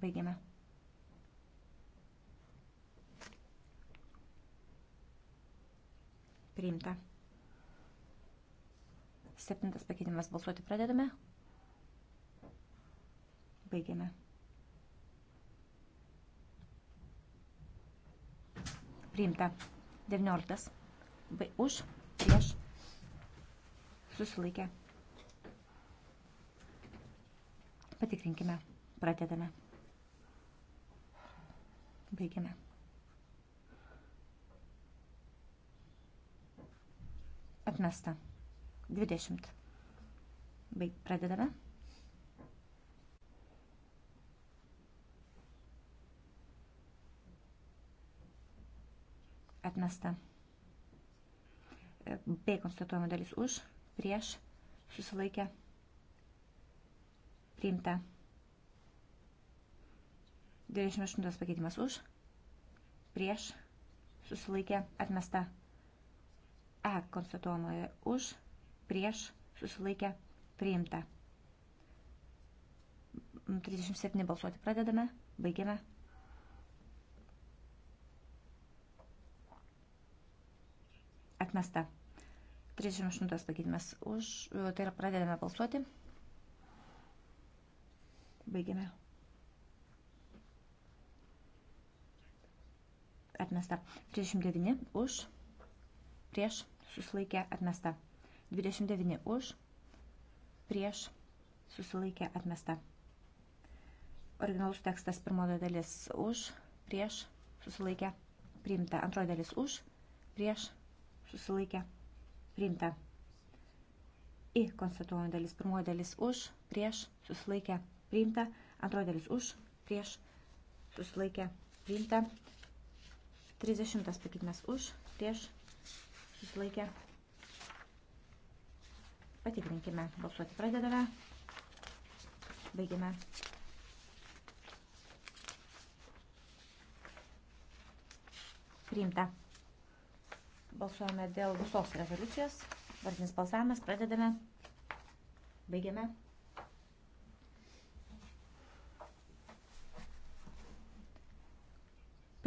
Baigiame. Priimta. Septintas pakeitimas balsuoti pradedame. Baigiame. Priimta. 19. Ba už, prieš, susilaikę. Patikrinkime. Pradedame. Baigiame. Atmesta. 20. Baig, pradedame. Atmesta. B konstatuojama dalis už, prieš, susilaikę, priimta. 98 pakeitimas už, prieš, susilaikė, atmesta. E konstatuojamoje už, prieš, susilaikė, priimta. 37 balsuoti pradedame, baigiame. Atmesta. 38 pakeitimas už, tai yra pradedame balsuoti. Baigiame. atmesta. 39 už, prieš, susilaikė, atmesta. 29 už, prieš, susilaikė, atmesta. Originalus tekstas pirmoji dalis už, prieš, susilaikė, priimta. Antroji dalis už, prieš, susilaikė, priimta. I konstatuojant dalis. Pirmoji dalis už, prieš, susilaikė, priimta. Antroji dalis už, prieš, susilaikė, priimta. 30 pakeitimas už, prieš, susilaikė. Patikrinkime, balsuoti pradedame, baigime. Priimta. Balsuojame dėl visos rezoliucijos. Vardinis balsavimas, pradedame, baigėme.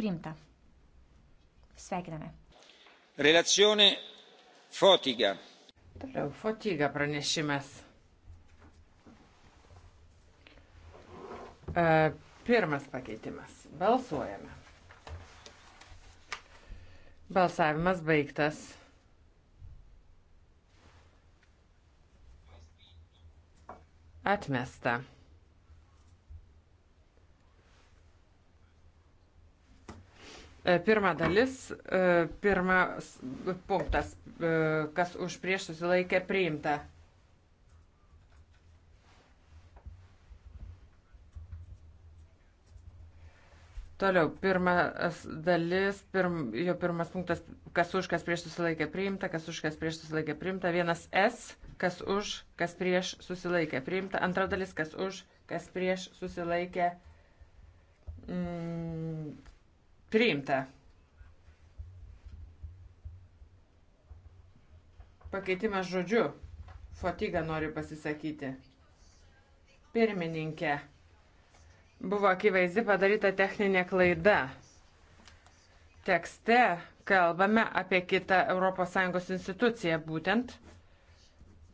Priimta. Sveikiname. Relacione Fotiga. Toliau Fotiga pranešimas. E, pirmas pakeitimas. Balsuojame. Balsavimas baigtas. Atmesta. E, pirma dalis, e, pirmas punktas, e, kas už prieš susilaikė priimta. Toliau, pirmas dalis, pirm, jo pirmas punktas, kas už, kas prieš susilaikė priimta, kas už, kas prieš susilaikė priimta. Vienas S, kas už, kas prieš susilaikė priimta. Antra dalis, kas už, kas prieš susilaikė priimta mm, Priimta. Pakeitimas žodžiu. Fotyga nori pasisakyti. Pirmininkė. Buvo akivaizdi padaryta techninė klaida. Tekste kalbame apie kitą ES instituciją, būtent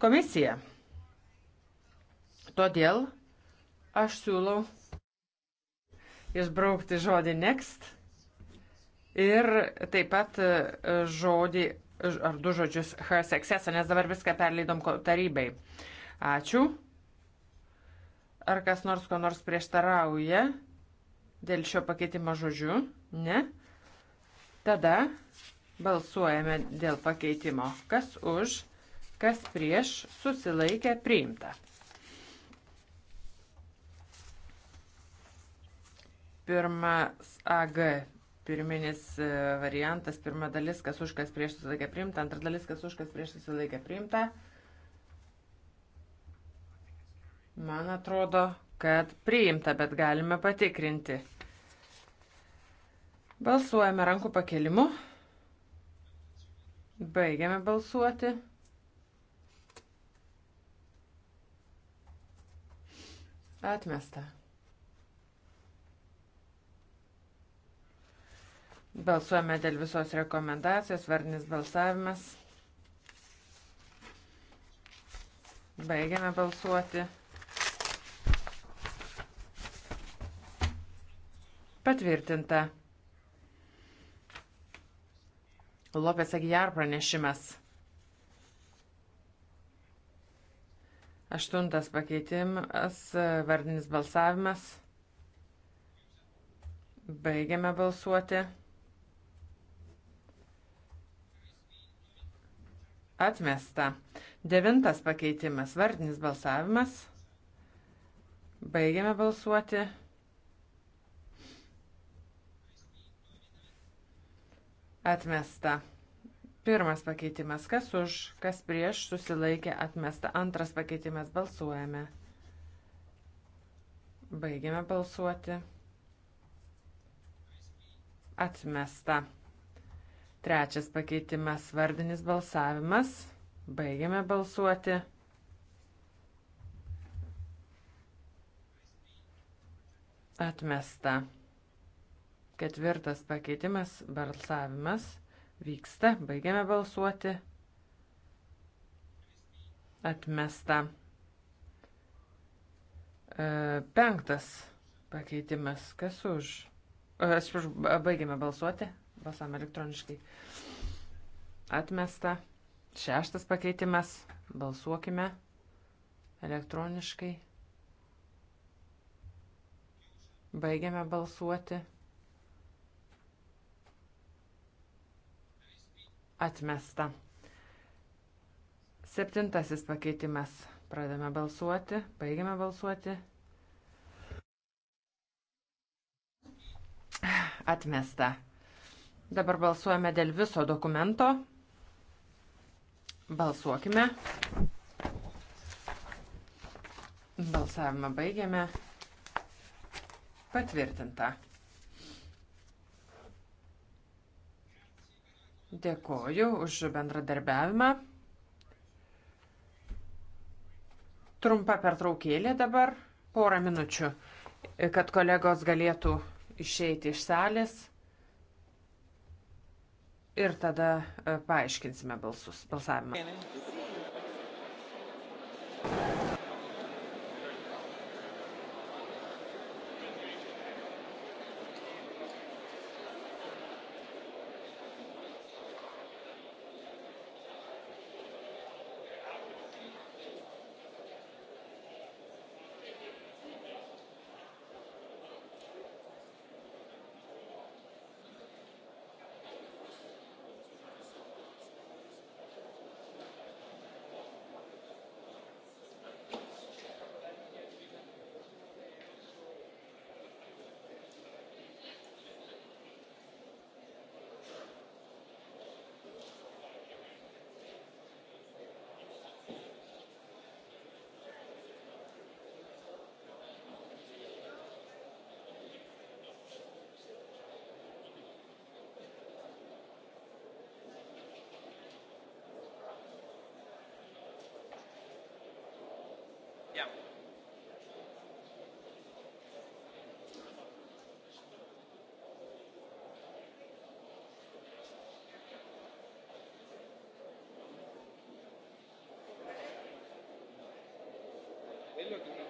komisiją. Todėl aš siūlau išbraukti žodį next ir taip pat e, žodį e, ar du žodžius her successą, nes dabar viską perleidom tarybai. Ačiū. Ar kas nors ko nors prieštarauja dėl šio pakeitimo žodžių? Ne. Tada balsuojame dėl pakeitimo. Kas už, kas prieš, susilaikė priimta. Pirmas AG pirminis e, variantas, pirma dalis, kas už kas prieš susilaikė priimta, antra dalis, kas už kas prieš susilaikė priimta. Man atrodo, kad priimta, bet galime patikrinti. Balsuojame rankų pakelimu. Baigiame balsuoti. Atmesta. Balsuojame dėl visos rekomendacijos, vardinis balsavimas. Baigiame balsuoti. Patvirtinta. Lopės Agijar pranešimas. Aštuntas pakeitimas, vardinis balsavimas. Baigiame balsuoti. Atmesta. Devintas pakeitimas. Vardinis balsavimas. Baigiame balsuoti. Atmesta. Pirmas pakeitimas. Kas už, kas prieš, susilaikė atmesta. Antras pakeitimas. Balsuojame. Baigiame balsuoti. Atmesta. Trečias pakeitimas - vardinis balsavimas. Baigiame balsuoti. Atmesta. Ketvirtas pakeitimas - balsavimas. Vyksta. Baigiame balsuoti. Atmesta. E, penktas pakeitimas. Kas už? E, Aš už. Baigiame balsuoti. Balsavome elektroniškai. Atmesta. Šeštas pakeitimas. Balsuokime elektroniškai. Baigiame balsuoti. Atmesta. Septintasis pakeitimas. Pradame balsuoti. Baigiame balsuoti. Atmesta. Dabar balsuojame dėl viso dokumento. Balsuokime. Balsavimą baigiame. Patvirtinta. Dėkoju už bendradarbiavimą. Trumpa pertraukėlė dabar, porą minučių, kad kolegos galėtų išeiti iš salės ir tada e, paaiškinsime balsus, balsavimą. Andiamo. Quello che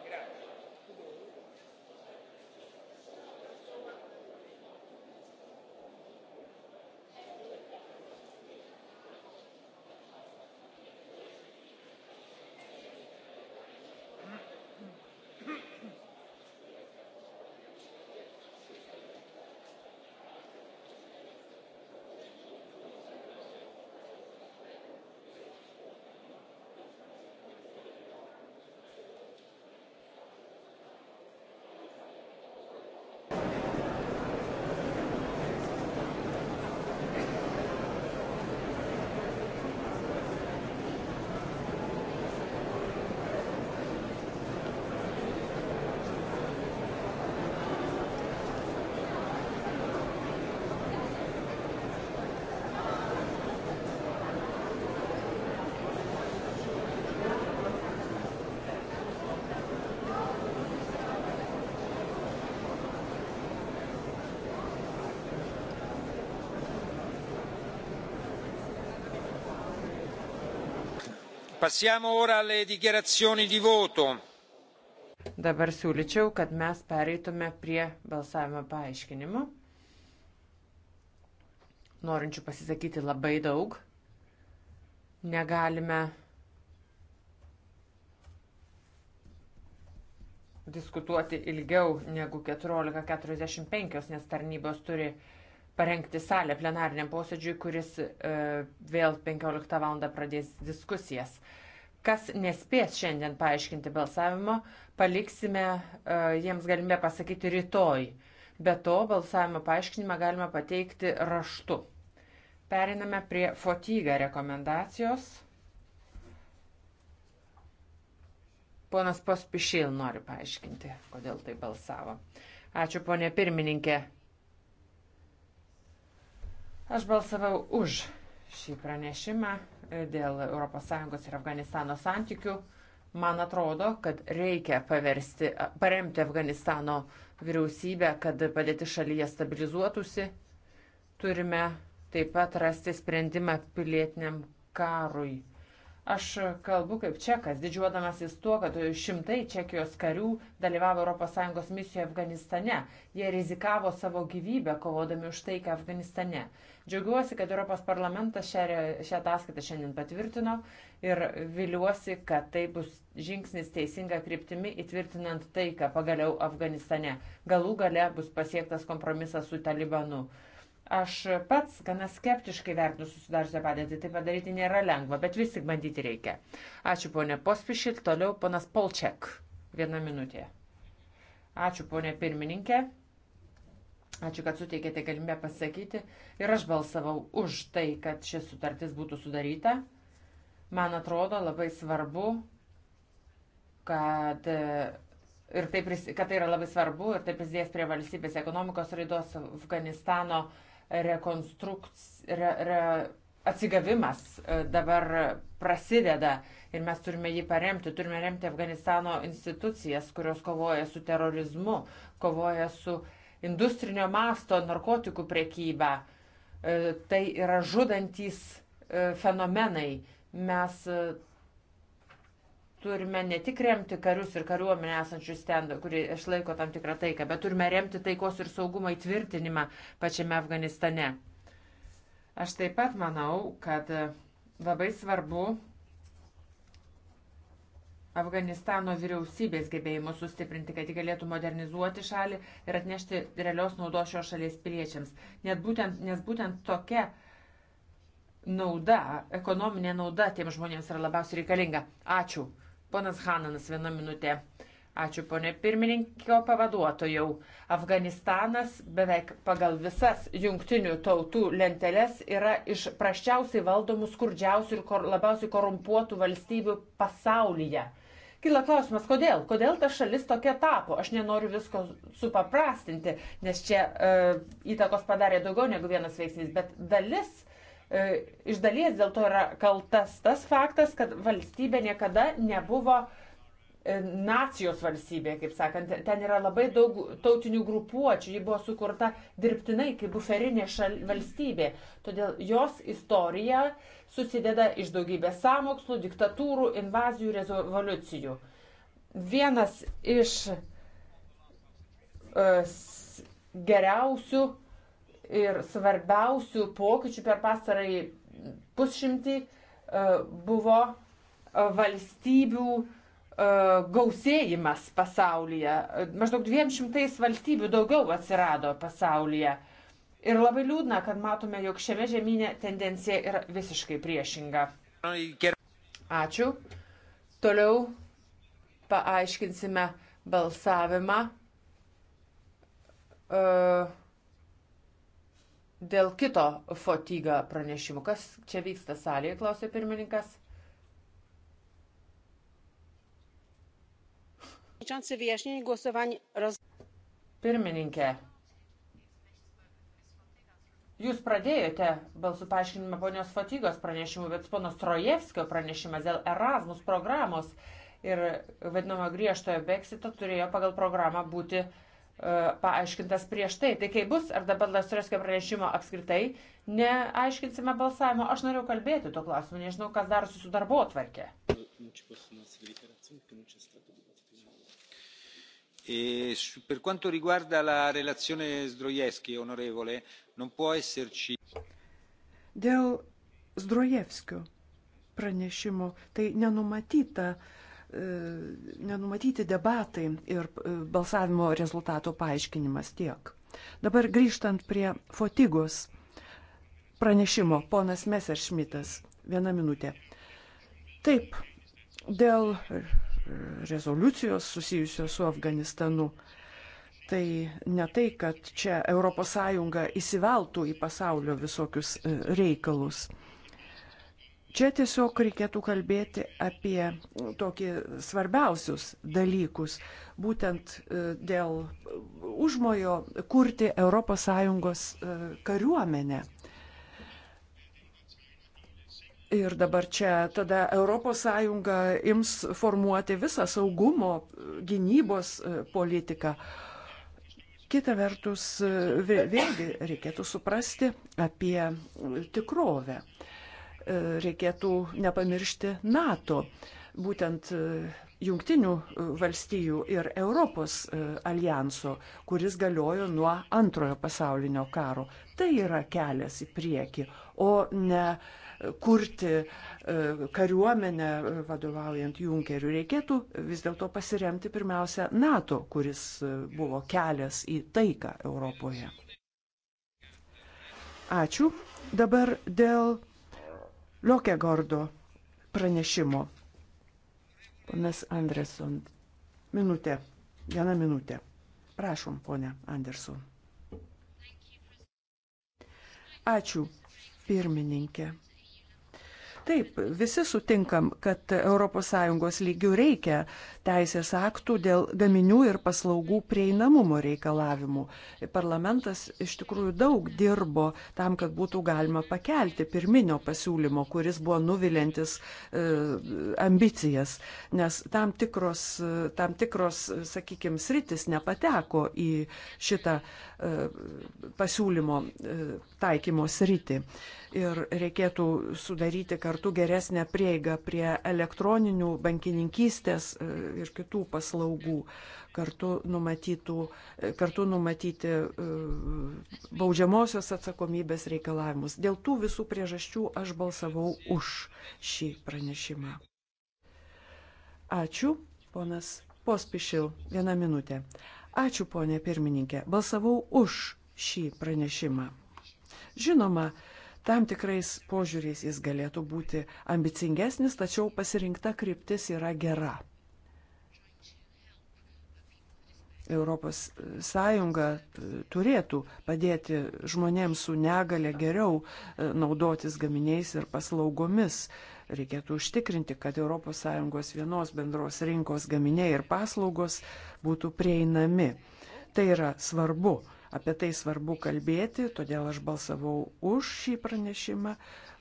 Passiamo ora alle dichiarazioni di voto. Dabar siūlyčiau, kad mes pereitume prie balsavimo paaiškinimo. Norinčių pasisakyti labai daug. Negalime diskutuoti ilgiau negu 14.45, nes tarnybos turi uh, parengti salę plenariniam posėdžiui, kuris e, vėl 15 val. pradės diskusijas. Kas nespės šiandien paaiškinti balsavimo, paliksime e, jiems galime pasakyti rytoj. Be to, balsavimo paaiškinimą galima pateikti raštu. Periname prie fotyga rekomendacijos. Ponas Pospišėl nori paaiškinti, kodėl tai balsavo. Ačiū, ponė pirmininkė. Aš balsavau už šį pranešimą e, dėl ES ir Afganistano santykių. Man atrodo, kad reikia paversti, paremti Afganistano vyriausybę, kad padėti šalyje stabilizuotųsi. Turime taip pat rasti sprendimą pilietiniam karui Aš kalbu kaip čekas, didžiuodamasis tuo, kad šimtai čekijos karių dalyvavo ES misijoje Afganistane. Jie rizikavo savo gyvybę, kovodami už taiką Afganistane. Džiaugiuosi, kad Europos parlamentas šią, šią ataskaitą šiandien patvirtino ir viliuosi, kad tai bus žingsnis teisinga kryptimi įtvirtinant taiką pagaliau Afganistane. Galų gale bus pasiektas kompromisas su Talibanu. Aš pats gana skeptiškai vertinu susidariusią padėtį, tai padaryti nėra lengva, bet vis tik bandyti reikia. Ačiū ponė Pospišil, toliau ponas Polčiak. Viena minutė. Ačiū ponė pirmininkė. Ačiū, kad suteikėte galimybę pasakyti. Ir aš balsavau už tai, kad šis sutartis būtų sudaryta. Man atrodo labai svarbu, kad, e, ir tai, kad tai yra labai svarbu ir tai prisidės prie valstybės ekonomikos raidos Afganistano uh, rekonstrukcija, re, re, atsigavimas e, dabar prasideda ir mes turime jį paremti. Turime remti Afganistano institucijas, kurios kovoja su terorizmu, kovoja su industrinio masto narkotikų prekyba. E, tai yra žudantis e, fenomenai. Mes turime ne tik remti karius ir kariuomenę esančius ten, kuri išlaiko tam tikrą taiką, bet turime remti taikos ir saugumo įtvirtinimą pačiame Afganistane. Aš taip pat manau, kad labai svarbu Afganistano vyriausybės gebėjimus sustiprinti, kad ji galėtų modernizuoti šalį ir atnešti realios naudos šios šalies piliečiams. Net būtent, nes būtent tokia nauda, ekonominė nauda tiem žmonėms yra labiausiai reikalinga. Ačiū. Ponas Hananas, vieną minutę. Ačiū, ponė pirmininkio pavaduotojau. Afganistanas beveik pagal visas jungtinių tautų lenteles yra iš praščiausiai valdomų, skurdžiausių ir kor, labiausiai korumpuotų valstybių pasaulyje. Kila klausimas, kodėl? Kodėl ta šalis tokia tapo? Aš nenoriu visko supaprastinti, nes čia e, įtakos padarė daugiau negu vienas veiksnys, bet dalis E, iš dalies dėl to yra kaltas tas faktas, kad valstybė niekada nebuvo e, nacijos valstybė, kaip sakant. Ten yra labai daug tautinių grupuočių, ji buvo sukurta dirbtinai kaip buferinė šal, valstybė. Todėl jos istorija susideda iš daugybės samokslų, diktatūrų, invazijų, revoliucijų. Vienas iš uh, geriausių uh, ir svarbiausių pokyčių per pastarąjį pusšimtį e, buvo e, valstybių e, gausėjimas pasaulyje. Maždaug 200 valstybių daugiau atsirado pasaulyje. Ir labai liūdna, kad matome, jog šiame žemynė tendencija yra visiškai priešinga. Ačiū. Toliau paaiškinsime balsavimą. Uh Dėl kito fotyga pranešimų, kas čia vyksta salėje, klausė pirmininkas. Pirmininkė, jūs pradėjote balsų paaiškinimą ponios Fatygos pranešimų, bet ponos Trojevskio pranešimas dėl Erasmus programos ir vadinamo griežtojo Brexito turėjo pagal programą būti uh, E, paaiškintas prieš tai. Tai kai bus, ar dabar Lasurėskio pranešimo apskritai neaiškinsime balsavimo, aš noriu kalbėti tuo klausimu, nežinau, kas dar su darbo atvarkė. E per quanto riguarda la relazione Zdrojevski, onorevole, non può esserci. Dėl Zdrojevskio pranešimo tai nenumatyta uh, E, nenumatyti debatai ir e, balsavimo rezultato paaiškinimas tiek. Dabar grįžtant prie Fotigos pranešimo, ponas Messerschmittas, viena minutė. Taip, dėl rezoliucijos susijusios su Afganistanu, tai ne tai, kad čia ES įsiveltų į pasaulio visokius e, reikalus. Čia tiesiog reikėtų kalbėti apie tokį svarbiausius dalykus, būtent e, dėl užmojo kurti ES e, kariuomenę. Ir dabar čia tada ES ims formuoti visą saugumo e, gynybos politiką. Kita vertus, vėlgi reikėtų suprasti apie tikrovę. Uh, reikėtų nepamiršti NATO, būtent e, jungtinių e, valstijų ir Europos e, alijanso, kuris galiojo nuo antrojo pasaulinio karo. Tai yra kelias į priekį, o ne kurti kariuomenę vadovaujant Junkeriu. Reikėtų vis dėlto pasiremti pirmiausia NATO, kuris buvo kelias į taiką Europoje. Ačiū. Dabar dėl Lokegordo pranešimo. Ponas Andreson. Minutė. Viena minutė. Prašom, ponė Anderson. Ačiū, pirmininkė. Taip, visi sutinkam, kad ES lygių reikia teisės aktų dėl gaminių ir paslaugų prieinamumo reikalavimų. Parlamentas iš tikrųjų daug dirbo tam, kad būtų galima pakelti pirminio pasiūlymo, kuris buvo nuvilintis e, ambicijas, nes tam tikros, e, tam tikros e, sakykime, sritis nepateko į šitą e, pasiūlymo e, taikymo sritį. E, ir reikėtų sudaryti kartu geresnę prieigą prie elektroninių bankininkystės e, ir kitų paslaugų, kartu, numatytų, e, kartu numatyti e, baudžiamosios atsakomybės reikalavimus. Dėl tų visų priežasčių aš balsavau už šį pranešimą. Ačiū, ponas Pospišil, vieną minutę. Ačiū, ponė pirmininkė, balsavau už šį pranešimą. Žinoma, tam tikrais požiūriais jis galėtų būti ambicingesnis, tačiau pasirinkta kryptis yra gera. Europos Sąjunga turėtų padėti žmonėms su negale geriau e, naudotis gaminiais ir paslaugomis. Reikėtų užtikrinti, kad ES vienos bendros rinkos gaminiai ir paslaugos būtų prieinami. Tai yra svarbu Apie tai svarbu kalbėti, todėl aš balsavau už šį pranešimą,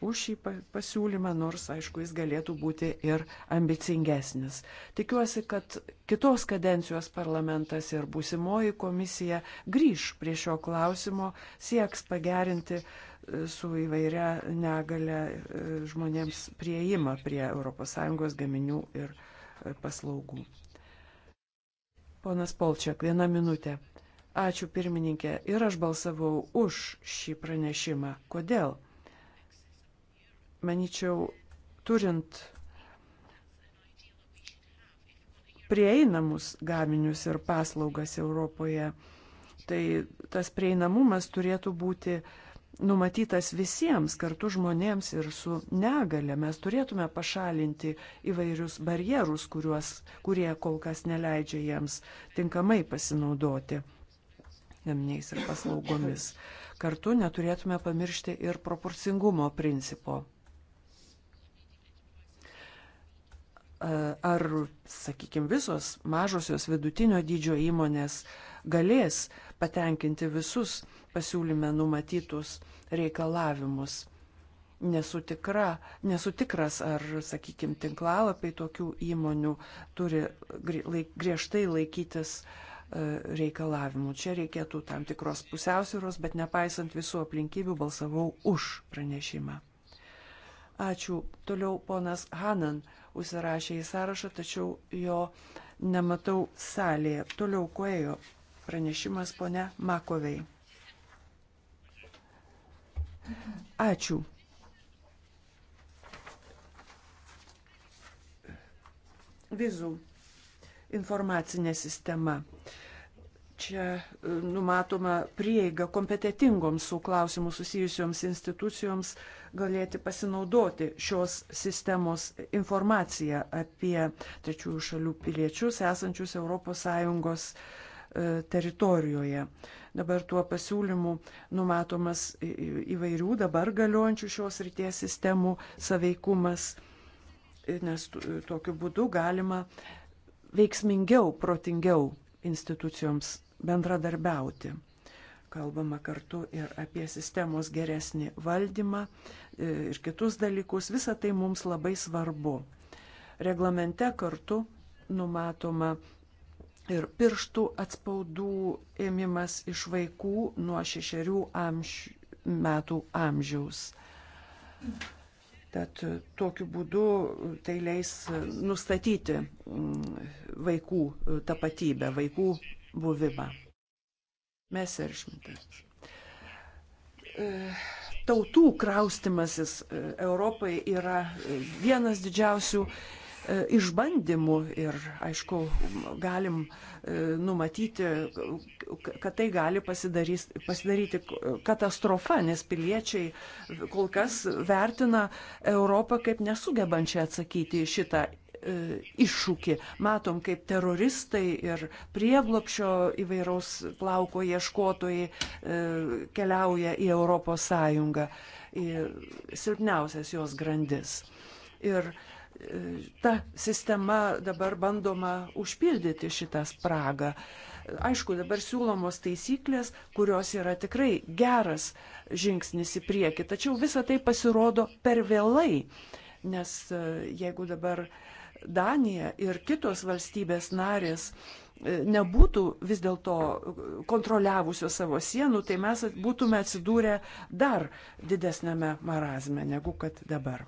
už šį pasiūlymą, nors, aišku, jis galėtų būti ir ambicingesnis. Tikiuosi, kad kitos kadencijos parlamentas ir būsimoji komisija grįž prie šio klausimo, sieks pagerinti e, su įvairia negale e, žmonėms prieima prie ES gaminių ir e, paslaugų. Ponas Polčiak, viena minutė. Ačiū pirmininkė. Ir aš balsavau už šį pranešimą. Kodėl? Maničiau, turint prieinamus gaminius ir paslaugas Europoje, tai tas prieinamumas turėtų būti numatytas visiems kartu žmonėms ir su negale. Mes turėtume pašalinti įvairius barjerus, kuriuos, kurie kol kas neleidžia jiems tinkamai pasinaudoti gaminiais ir paslaugomis. Kartu neturėtume pamiršti ir proporcingumo principo. Ar, sakykime, visos mažosios vidutinio dydžio įmonės galės patenkinti visus pasiūlyme numatytus reikalavimus? nesu, tikra, nesu tikras, ar, sakykime, tinklalapiai tokių įmonių turi griežtai laikytis E, reikalavimų. Čia reikėtų tam tikros pusiausvyros, bet nepaisant visų aplinkybių balsavau už pranešimą. Ačiū. Toliau ponas Hanan užsirašė į sąrašą, tačiau jo nematau salėje. Toliau kuojo pranešimas ponia Makovei. Ačiū. Vizų informacinė sistema. Čia e, numatoma prieiga kompetitingoms su klausimu susijusioms institucijoms galėti pasinaudoti šios sistemos informaciją apie trečiųjų šalių piliečius esančius ES e, teritorijoje. Dabar tuo pasiūlymu numatomas įvairių dabar galiojančių šios ryties sistemų saveikumas, nes tokiu būdu galima veiksmingiau, protingiau institucijoms bendradarbiauti. Kalbama kartu ir apie sistemos geresnį valdymą e, ir kitus dalykus. Visa tai mums labai svarbu. Reglamente kartu numatoma ir pirštų atspaudų ėmimas iš vaikų nuo šešerių amž... metų amžiaus. Tad tokiu būdu tai leis nustatyti mm, vaikų tapatybę, vaikų buvimą. Mes ir šimtas. E, tautų kraustimasis e, Europai yra vienas didžiausių E, išbandymų ir, aišku, galim e, numatyti, kad tai gali pasidaryti katastrofa, nes piliečiai kol kas vertina Europą kaip nesugebančią atsakyti šitą e, iššūkį. Matom, kaip teroristai ir prieglopšio įvairaus plauko ieškotojai keliauja į Europos Sąjungą, į silpniausias jos grandis. Ir ta sistema dabar bandoma užpildyti šitą spragą. Aišku, dabar siūlomos taisyklės, kurios yra tikrai geras žingsnis į priekį, tačiau visa tai pasirodo per vėlai, nes e, jeigu dabar Danija ir kitos valstybės narės e, nebūtų vis dėlto kontroliavusios savo sienų, tai mes būtume atsidūrę dar didesnėme marazme negu kad dabar.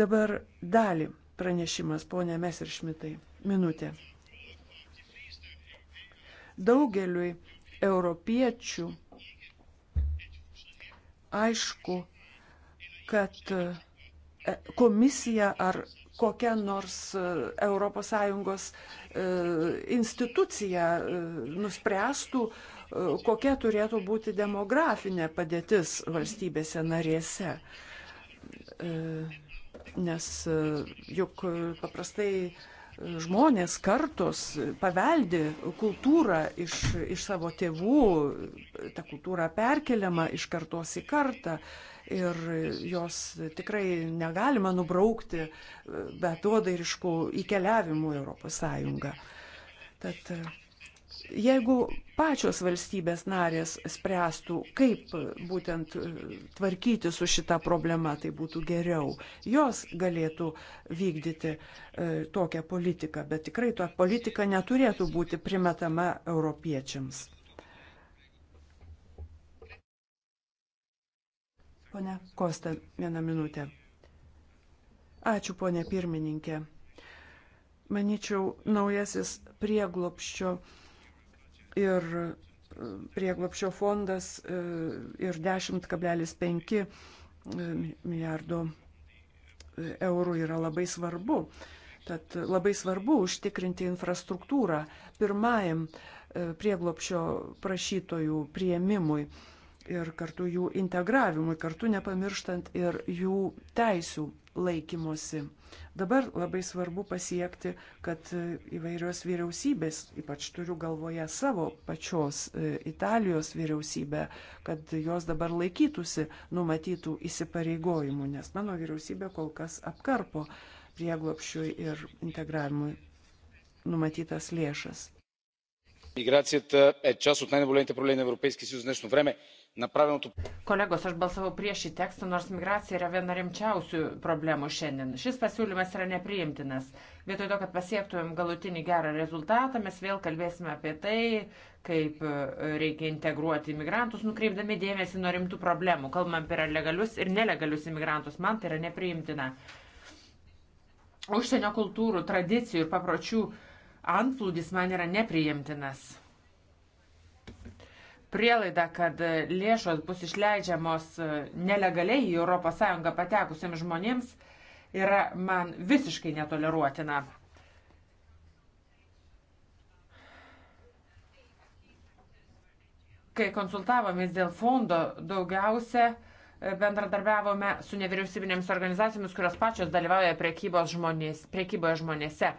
Dabar dalį pranešimas, ponė Mesiršmitai. Minutė. Daugeliui europiečių aišku, kad e, komisija ar kokia nors ES e, institucija e, nuspręstų, kokia turėtų būti demografinė padėtis valstybėse narėse. Nes e, juk e, paprastai e, žmonės kartos paveldi kultūrą iš, iš savo tėvų, ta kultūra perkeliama iš kartos į kartą ir jos tikrai negalima nubraukti be duodairiškų įkeliavimų Europos Sąjungą. Tad Jeigu pačios valstybės narės spręstų, kaip būtent e, tvarkyti su šita problema, tai būtų geriau. Jos galėtų vykdyti e, tokią politiką, bet tikrai ta politika neturėtų būti primetama europiečiams. Pone Kosta, vieną minutę. Ačiū, ponė pirmininkė. Maničiau, naujasis prieglopščio ir e, prieglopšio fondas e, ir 10,5 e, milijardo eurų yra labai svarbu. Tad labai svarbu užtikrinti infrastruktūrą pirmajam prieglopšio prašytojų prieimimui ir kartu jų integravimui, kartu nepamirštant ir jų teisų laikymosi. Dabar labai svarbu pasiekti, kad įvairios vyriausybės, ypač turiu galvoje savo pačios e, Italijos vyriausybę, kad jos dabar laikytųsi numatytų įsipareigojimų, nes mano vyriausybė kol kas apkarpo prieglopšiui ir integravimui numatytas lėšas. Миграцията е част от най-наболелите проблеми на Европейския съюз в днешно време направеното. Kolegos, aš balsavau prieš šį tekstą, nors migracija yra viena rimčiausių problemų šiandien. Šis pasiūlymas yra nepriimtinas. Vietoj to, kad pasiektumėm galutinį gerą rezultatą, mes vėl kalbėsime apie tai, kaip e, reikia integruoti imigrantus, nukreipdami dėmesį nuo rimtų problemų. Kalbam apie legalius ir nelegalius imigrantus. Man tai yra nepriimtina. Užsienio kultūrų, tradicijų ir papročių antplūdis man yra nepriimtinas prielaida, kad lėšos bus išleidžiamos nelegaliai į ES patekusiems žmonėms, yra man visiškai netoleruotina. Kai konsultavomės dėl fondo, daugiausia e, bendradarbiavome su nevyriausybinėmis organizacijomis, kurios pačios dalyvauja žmonės, priekyboje žmonėse.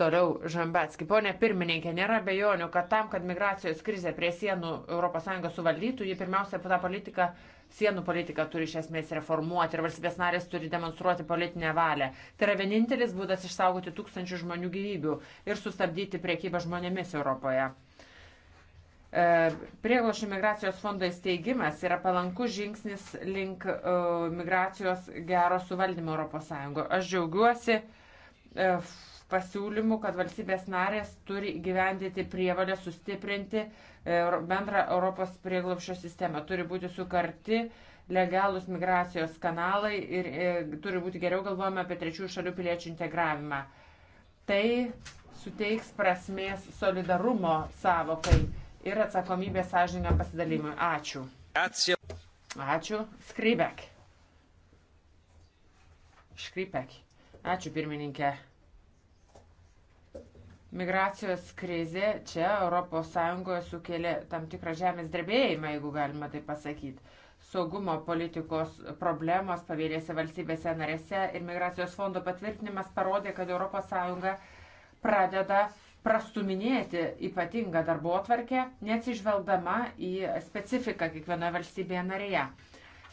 Toliau Žambatski. Pone pirmininkė, nėra bejonių, kad tam, kad migracijos krizė prie sienų ES suvaldytų, ji pirmiausia tą politiką, sienų politiką turi iš esmės reformuoti ir valstybės narės turi demonstruoti politinę valią. Tai yra vienintelis būdas išsaugoti tūkstančių žmonių gyvybių ir sustabdyti priekybę žmonėmis Europoje. E, prieglošio migracijos fondo įsteigimas yra palankus žingsnis link e, migracijos gero suvaldymo ES. Aš džiaugiuosi e, pasiūlymų, kad valstybės narės turi gyvendyti prievalę sustiprinti e, bendrą Europos prieglopšio sistemą. Turi būti sukarti legalūs migracijos kanalai ir, ir e, turi būti geriau galvojama apie trečiųjų šalių piliečių integravimą. Tai suteiks prasmės solidarumo savokai ir atsakomybės sąžiningam pasidalimui. Ačiū. Ačiū. Ačiū. Skrybek. Škrybek. Ačiū pirmininkė. Migracijos krizė čia ES sukėlė tam tikrą žemės drebėjimą, jeigu galima tai pasakyti. Saugumo politikos problemos pavėlėse valstybėse narėse ir migracijos fondo patvirtinimas parodė, kad ES pradeda prastuminėti ypatingą darbo atvarkę, neatsižvelgdama į specifiką kiekvienoje valstybėje narėje.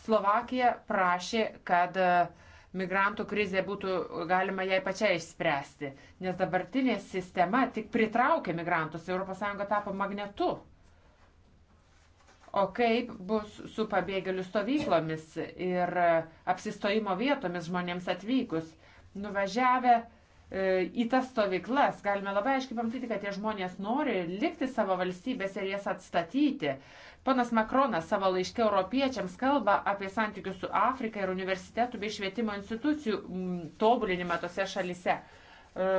Slovakija prašė, kad uh, migrantų krizę būtų galima jai pačiai išspręsti. Nes dabartinė sistema tik pritraukia migrantus, ES tapo magnetu. O kaip bus su pabėgėlių stovyklomis ir apsistojimo vietomis žmonėms atvykus? Nuvažiavę e, į tas stovyklas galime labai aiškiai pamatyti, kad tie žmonės nori likti savo valstybėse ir jas atstatyti. E, Ponas Makronas savo laiške europiečiams kalba apie santykius su Afrika ir universitetų bei švietimo institucijų mm, tobulinimą tose šalise. E,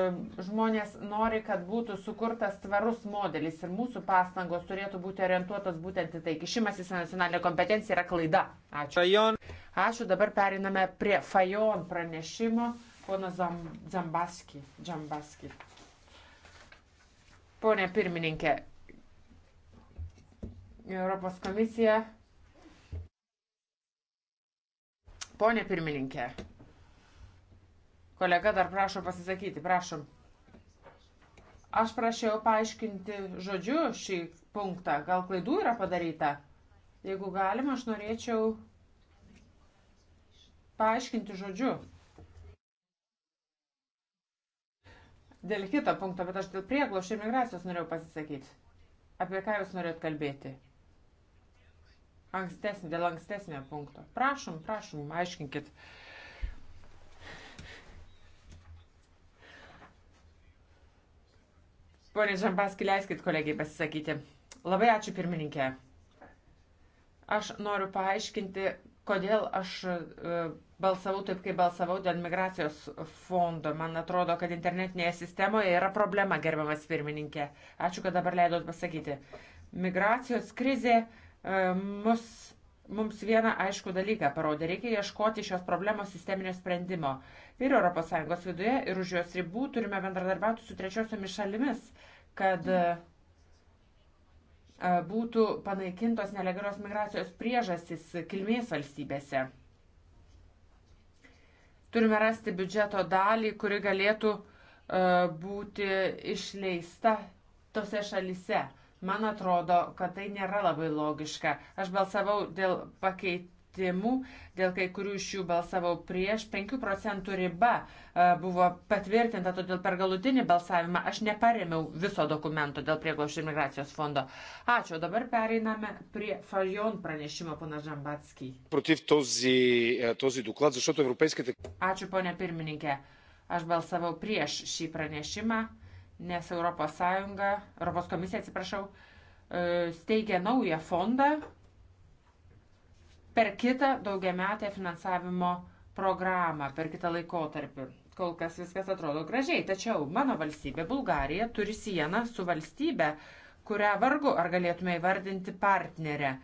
žmonės nori, kad būtų sukurtas tvarus modelis ir mūsų pastangos turėtų būti orientuotos būtent į tai. Kišimasis į nacionalinę kompetenciją yra klaida. Ačiū. Fajon. Ačiū, dabar periname prie Fajon pranešimo. Pono Zambaski. Zambaski. Pone pirmininkė, Europos komisija. Pone pirmininkė, kolega dar prašo pasisakyti, prašom. Aš prašiau paaiškinti žodžiu šį punktą, gal klaidų yra padaryta. Jeigu galima, aš norėčiau paaiškinti žodžiu. Dėl kito punkto, bet aš dėl prieglošio imigracijos norėjau pasisakyti. Apie ką jūs norėt kalbėti? ankstesnį, dėl ankstesnio punkto. Prašom, prašom, aiškinkit. Pone Žambaski, leiskit kolegiai pasisakyti. Labai ačiū pirmininkė. Aš noriu paaiškinti, kodėl aš e, balsavau taip, kaip balsavau dėl migracijos fondo. Man atrodo, kad internetinėje sistemoje yra problema, gerbiamas pirmininkė. Ačiū, kad dabar leidot pasakyti. Migracijos krizė uh, E, mus, mums vieną aišku dalyką parodė. Reikia ieškoti šios problemos sisteminio sprendimo. Ir ES viduje, ir už jos ribų turime bendradarbiauti su trečiosiomis šalimis, kad e, e, būtų panaikintos nelegalios migracijos priežastys kilmės valstybėse. Turime rasti biudžeto dalį, kuri galėtų būti išleista tose šalise Man atrodo, kad tai nėra labai logiška. Aš balsavau dėl pakeitimų pakeitimų, dėl kai kurių iš jų balsavau prieš, 5 procentų riba e, buvo patvirtinta, todėl per galutinį balsavimą aš neparėmiau viso dokumento dėl prieglošio imigracijos fondo. Ačiū, dabar pereiname prie Fajon pranešimo, pana Žambatskiai. E, Ačiū, ponė pirmininkė. Aš balsavau prieš šį pranešimą nes Europos Sąjunga, Europos komisija, atsiprašau, e, steigia naują fondą per kitą daugiametę finansavimo programą, per kitą laikotarpį. Kol kas viskas atrodo gražiai, tačiau mano valstybė, Bulgarija, turi sieną su valstybė, kurią vargu ar galėtume įvardinti partnerę.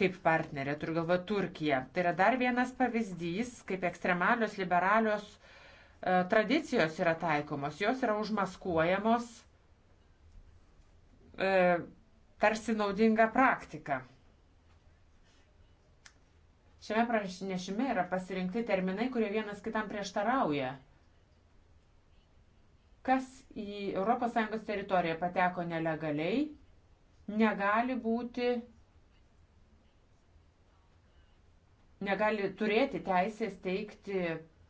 Kaip partnerė, turiu galvą Turkiją. Tai yra dar vienas pavyzdys, kaip ekstremalios liberalios uh, E, tradicijos yra taikomos, jos yra užmaskuojamos e, tarsi naudinga praktika. Šiame pranešime yra pasirinkti terminai, kurie vienas kitam prieštarauja. Kas į ES teritoriją pateko nelegaliai, negali būti, negali turėti teisės teikti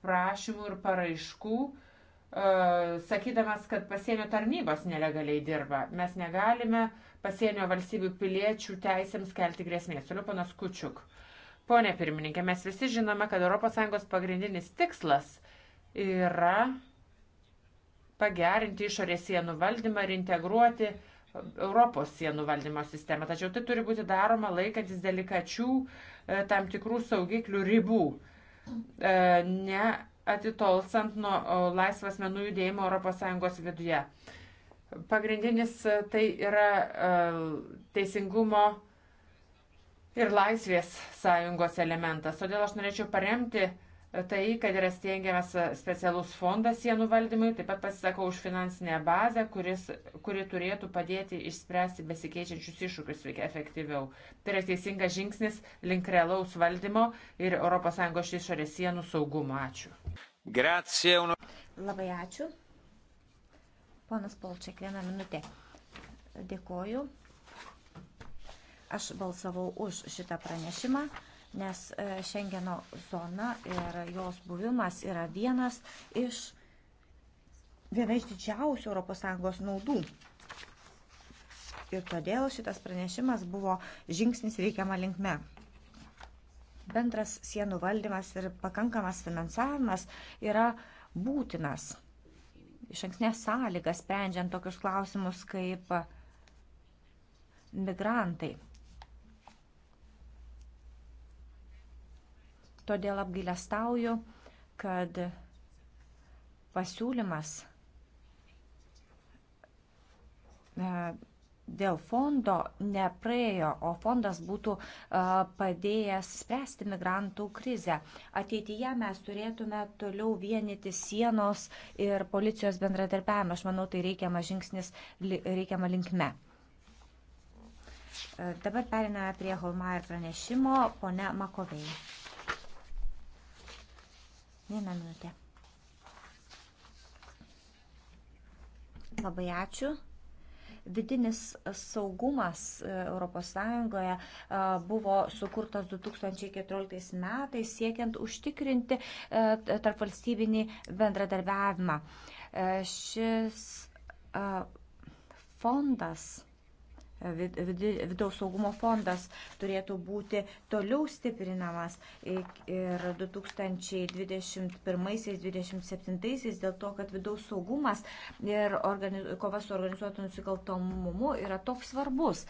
prašymų ir paraiškų, e, sakydamas, kad pasienio tarnybos nelegaliai dirba. Mes negalime pasienio valstybių piliečių teisėms kelti grėsmės. Toliau panas Kučiuk. Pone pirmininkė, mes visi žinome, kad ES pagrindinis tikslas yra pagerinti išorės sienų valdymą ir integruoti Europos sienų valdymo sistemą. Tačiau tai turi būti daroma laikantis delikačių e, tam tikrų saugiklių ribų. E, neatitolstant nuo laisvas menų judėjimo ES viduje. Pagrindinis e, tai yra e, teisingumo ir laisvės sąjungos elementas. Todėl aš norėčiau paremti uh, tai, kad yra stengiamas specialus fondas sienų valdymui, taip pat pasisakau už finansinę bazę, kuris, kuri turėtų padėti išspręsti besikeičiančius iššūkius efektyviau. Tai yra teisingas žingsnis link realaus valdymo ir ES išorės sienų saugumo. Ačiū. Grazie, uno... Labai ačiū. Ponas Polčiak, vieną minutę. Dėkoju. Aš balsavau už šitą pranešimą nes e, Šengeno zona ir jos buvimas yra vienas iš, viena iš didžiausių ES naudų. Ir todėl šitas pranešimas buvo žingsnis reikiama linkme. Bendras sienų valdymas ir pakankamas finansavimas yra būtinas iš anksnės sąlygas, sprendžiant tokius klausimus kaip migrantai. Todėl apgailestauju, kad pasiūlymas e, dėl fondo nepraėjo, o fondas būtų e, padėjęs spręsti migrantų krizę. Ateityje mes turėtume toliau vienyti sienos ir policijos bendradarbiavimą. Aš manau, tai reikiama žingsnis reikiama linkme. E, dabar periname prie Holmaier pranešimo, pone Makovei. Vieną minutę. Labai ačiū vidinis saugumas ES e, buvo sukurtas 2014 metais siekiant užtikrinti e, tarpvalstybinį bendradarbiavimą. E, šis fondas vidaus saugumo fondas turėtų būti toliau stiprinamas ir 2021-2027 dėl to, kad vidaus saugumas ir kova su organizuotu nusikaltomumu yra toks svarbus.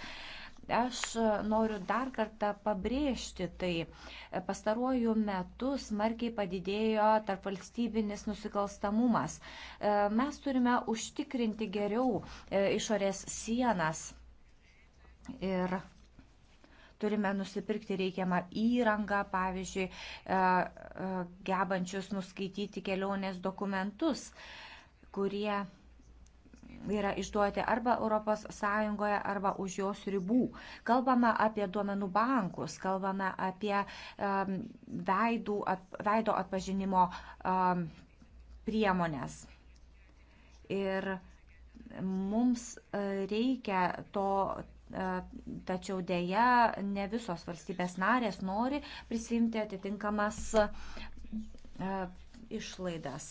Aš noriu dar kartą pabrėžti, tai pastaruoju metu smarkiai padidėjo tarp valstybinis nusikalstamumas. Mes turime užtikrinti geriau e, išorės sienas Ir turime nusipirkti reikiamą įrangą, pavyzdžiui, e, e, gebančius nuskaityti kelionės dokumentus, kurie yra išduoti arba ES, arba už jos ribų. Kalbame apie duomenų bankus, kalbame apie um, veidų, ap, veido atpažinimo um, priemonės. Ir mums e, reikia to E, tačiau dėja ne visos valstybės narės nori prisimti atitinkamas e, išlaidas.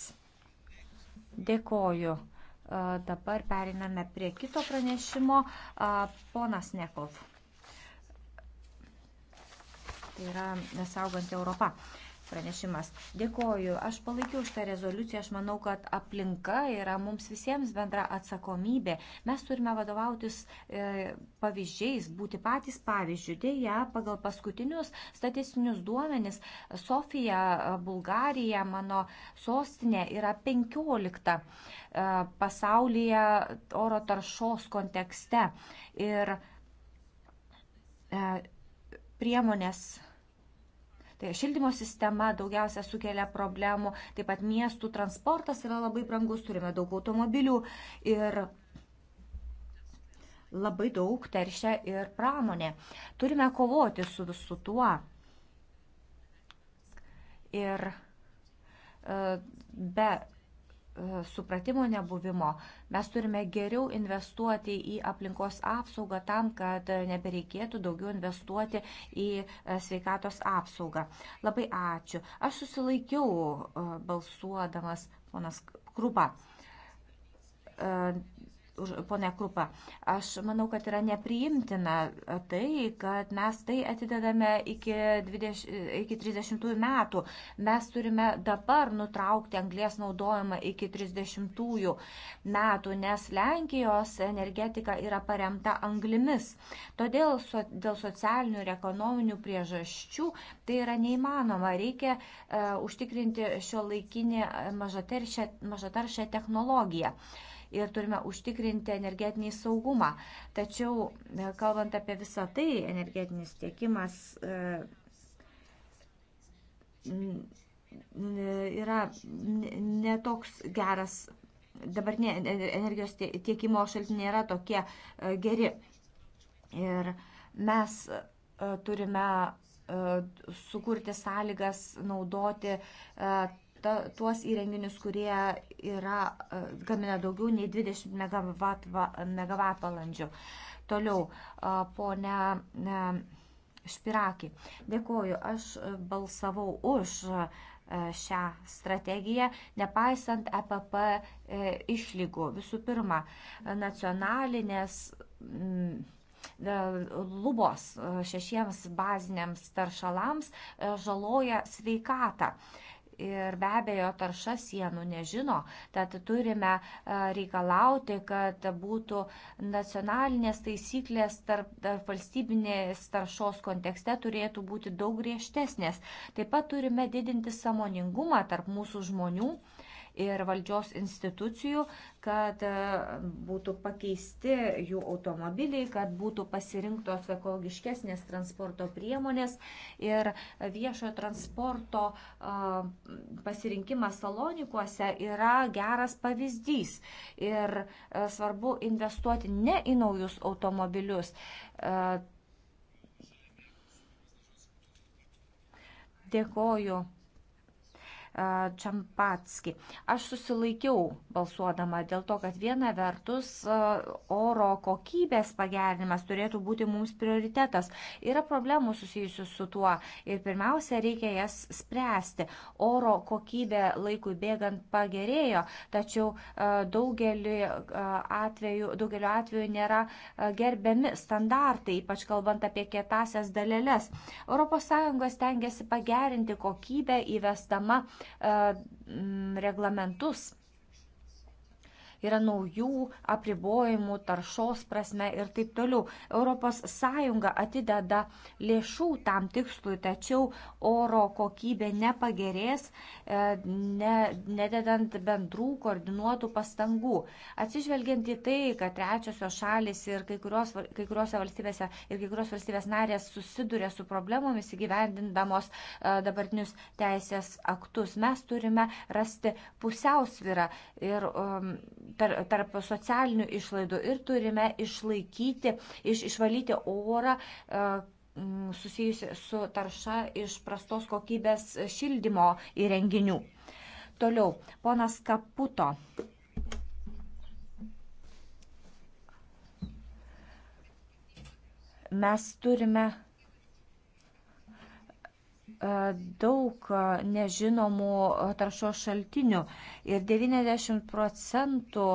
Dėkoju. E, dabar periname prie kito pranešimo. Ponas Nekov. Tai yra nesaugant Europą pranešimas. Dėkoju, aš palaikiau šitą rezoliuciją, aš manau, kad aplinka yra mums visiems bendra atsakomybė. Mes turime vadovautis e, pavyzdžiais, būti patys pavyzdžių. Deja, pagal paskutinius statistinius duomenis, Sofija, Bulgarija, mano sostinė yra 15 e, pasaulyje oro taršos kontekste. Ir e, priemonės Tai šildymo sistema daugiausia sukelia problemų, taip pat miestų transportas yra labai brangus, turime daug automobilių ir labai daug teršia ir pramonė. Turime kovoti su visu tuo. Ir e, be E, supratimo nebuvimo. Mes turime geriau investuoti į aplinkos apsaugą tam, kad nebereikėtų daugiau investuoti į e, sveikatos apsaugą. Labai ačiū. Aš susilaikiau e, balsuodamas, ponas Krupa ponia Krupa, aš manau, kad yra nepriimtina tai, kad mes tai atidedame iki, 20, iki 30 metų. Mes turime dabar nutraukti anglės naudojimą iki 30 metų, nes Lenkijos energetika yra paremta anglimis. Todėl so, dėl socialinių ir ekonominių priežasčių tai yra neįmanoma. Reikia uh, užtikrinti šio laikinį mažataršę technologiją. Uh, ir turime užtikrinti energetinį saugumą. Tačiau, e, kalbant apie visą tai, energetinis tiekimas e, yra netoks geras, dabartinė e, energijos tiekimo šaltiniai nėra tokie geri. Ir mes turime sukurti sąlygas naudoti ta, tuos įrenginius, kurie yra, e, gamina daugiau nei 20 MWh. Toliau, e, ponia e, Špiraki, dėkoju, aš balsavau už šią strategiją, nepaisant EPP išlygų. Visų pirma, nacionalinės lubos šešiems baziniams taršalams žaloja sveikatą ir be abejo tarša sienų nežino. Tad turime e, reikalauti, kad būtų nacionalinės taisyklės tarp, tarp valstybinės taršos kontekste turėtų būti daug griežtesnės. Taip pat turime didinti samoningumą tarp mūsų žmonių ir valdžios institucijų, kad e, būtų pakeisti jų automobiliai, kad būtų pasirinktos ekologiškesnės transporto priemonės ir viešojo transporto e, pasirinkimas salonikuose yra geras pavyzdys. Ir e, svarbu investuoti ne į naujus automobilius. Dėkoju Čampatski. Aš susilaikiau balsuodama dėl to, kad viena vertus oro kokybės pagerinimas turėtų būti mums prioritetas. Yra problemų susijusių su tuo ir pirmiausia, reikia jas spręsti. Oro kokybė laikui bėgant pagerėjo, tačiau daugeliu atveju, daugeliu atveju nėra gerbiami standartai, ypač kalbant apie kietasias dalelės. ES tengiasi pagerinti kokybę įvestama E, reglamentus yra naujų apribojimų taršos prasme ir taip toliau. ES atideda lėšų tam tikslui, tačiau oro kokybė nepagerės, e, ne, nededant bendrų koordinuotų pastangų. Atsižvelgiant į tai, kad trečiosios šalis ir kai, kurios, kai kuriuose valstybėse ir kai kurios valstybės narės susiduria su problemomis įgyvendindamos e, dabartinius teisės aktus, mes turime rasti pusiausvyrą ir um, per, tarp socialinių išlaidų ir turime išlaikyti, iš, išvalyti orą e, susijusi su tarša iš prastos kokybės šildymo įrenginių. Toliau, ponas Kaputo. Mes turime E, daug e, nežinomų e, taršos šaltinių ir 90 procentų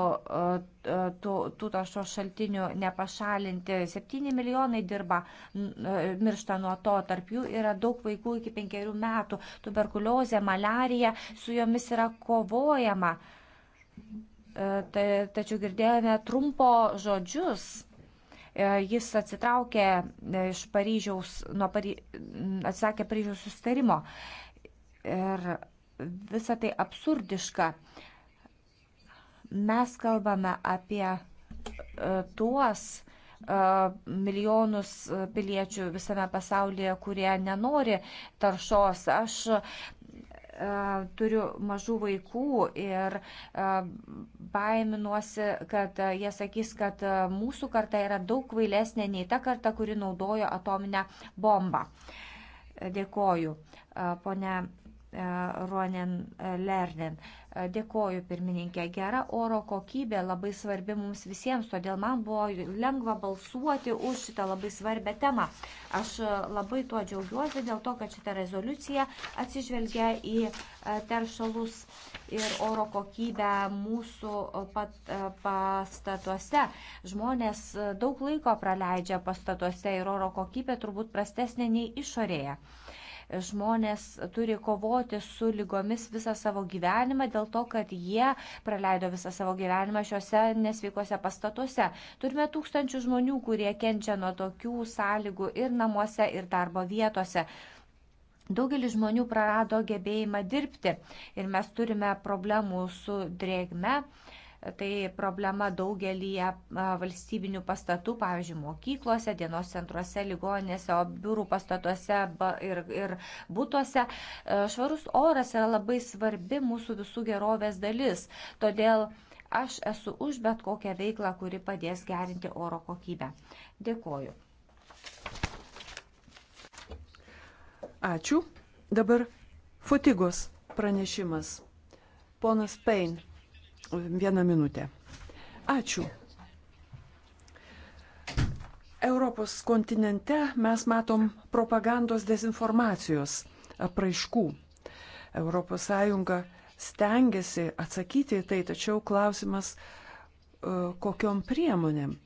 tų, tų taršos šaltinių nepašalinti. 7 milijonai dirba, miršta nuo to, tarp jų yra daug vaikų iki 5 metų, tuberkuliozė, malarija, su jomis yra kovojama. Tačiau girdėjome trumpo žodžius E, jis atsitraukė e, iš Paryžiaus, nuo Pary... atsakė Paryžiaus sustarimo. Ir visa tai absurdiška. Mes kalbame apie e, tuos milijonus piliečių visame pasaulyje, kurie nenori taršos. Aš E, turiu mažų vaikų ir e, baiminuosi, kad e, jie sakys, kad mūsų karta yra daug kvailesnė nei ta karta, kuri naudojo atominę bombą. Dėkoju, ponė E, Ronen e, Lernen. E, dėkoju, pirmininkė. Gera oro kokybė labai svarbi mums visiems, todėl man buvo lengva balsuoti už šitą labai svarbę temą. Aš labai tuo džiaugiuosi dėl to, kad šita rezoliucija atsižvelgia į teršalus ir oro kokybę mūsų pat, pastatuose. Žmonės daug laiko praleidžia pastatuose ir oro kokybė turbūt prastesnė nei išorėje. Uh, Žmonės turi kovoti su lygomis visą savo gyvenimą dėl to, kad jie praleido visą savo gyvenimą šiuose nesveikose pastatuose. Turime tūkstančių žmonių, kurie kenčia nuo tokių sąlygų ir namuose, ir darbo vietose. Daugelis žmonių prarado gebėjimą dirbti ir mes turime problemų su drėgme, Tai problema daugelį valstybinių pastatų, pavyzdžiui, mokyklose, dienos centruose, ligoninėse, biurų pastatuose ir, ir būtuose. E, švarus oras yra labai svarbi mūsų visų gerovės dalis. Todėl aš esu už bet kokią veiklą, kuri padės gerinti oro kokybę. Dėkoju. Ačiū. Dabar Fotigos pranešimas. Ponas Pein. Vieną minutę. Ačiū. Europos kontinente mes matom propagandos dezinformacijos apraiškų. ES stengiasi atsakyti į tai, tačiau klausimas, e, kokiom priemonėm.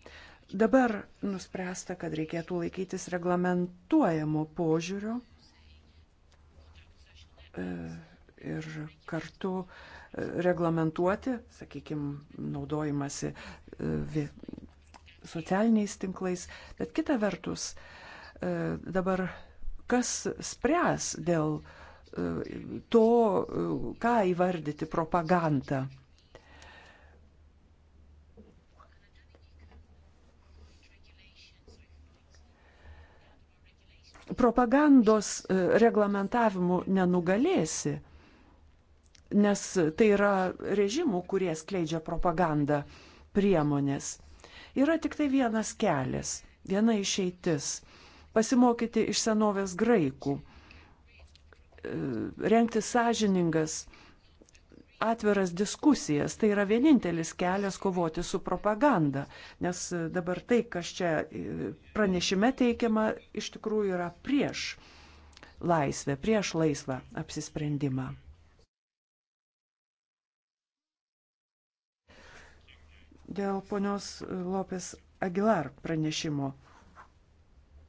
Dabar nuspręsta, kad reikėtų laikytis reglamentuojamo požiūrio e, ir kartu reglamentuoti, sakykime, naudojimasi e, socialiniais tinklais. Bet kita vertus, e, dabar kas spręs dėl e, to, ką įvardyti propagandą? propagandos reglamentavimu nenugalėsi nes tai yra režimų, kurie skleidžia propagandą priemonės. Yra tik tai vienas kelias, viena išeitis - pasimokyti iš senovės graikų, e, renkti sąžiningas, atviras diskusijas. Tai yra vienintelis kelias kovoti su propaganda, nes dabar tai, kas čia e, pranešime teikiama, iš tikrųjų yra prieš laisvę, prieš laisvą apsisprendimą. dėl ponios Lopės Agilar pranešimo.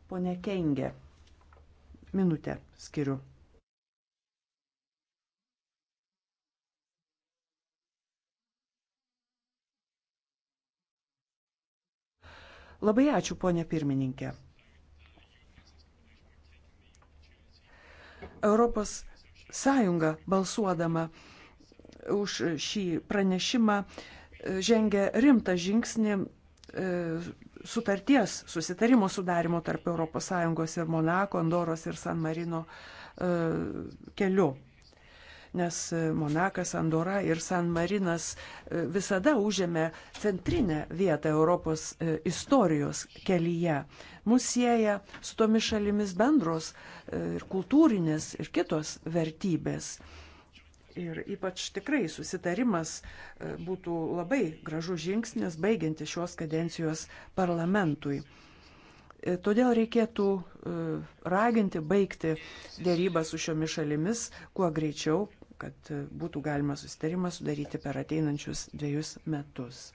Pone Kengė, minutę skiriu. Labai ačiū, ponė pirmininkė. Europos Sąjunga balsuodama už šį pranešimą uh, žengia rimtą žingsnį e, sutarties, susitarimo sudarimo tarp ES ir Monako, Andoros ir San Marino e, keliu nes Monakas, Andora ir San Marinas e, visada užėmė centrinę vietą Europos istorijos kelyje. Mus sieja su tomis šalimis bendros ir kultūrinės ir kitos vertybės. Ir ypač tikrai susitarimas e, būtų labai gražus žingsnis baigianti šios kadencijos parlamentui. E, todėl reikėtų e, raginti baigti dėrybą su šiomis šalimis kuo greičiau, kad būtų galima susitarimą sudaryti per ateinančius dviejus metus.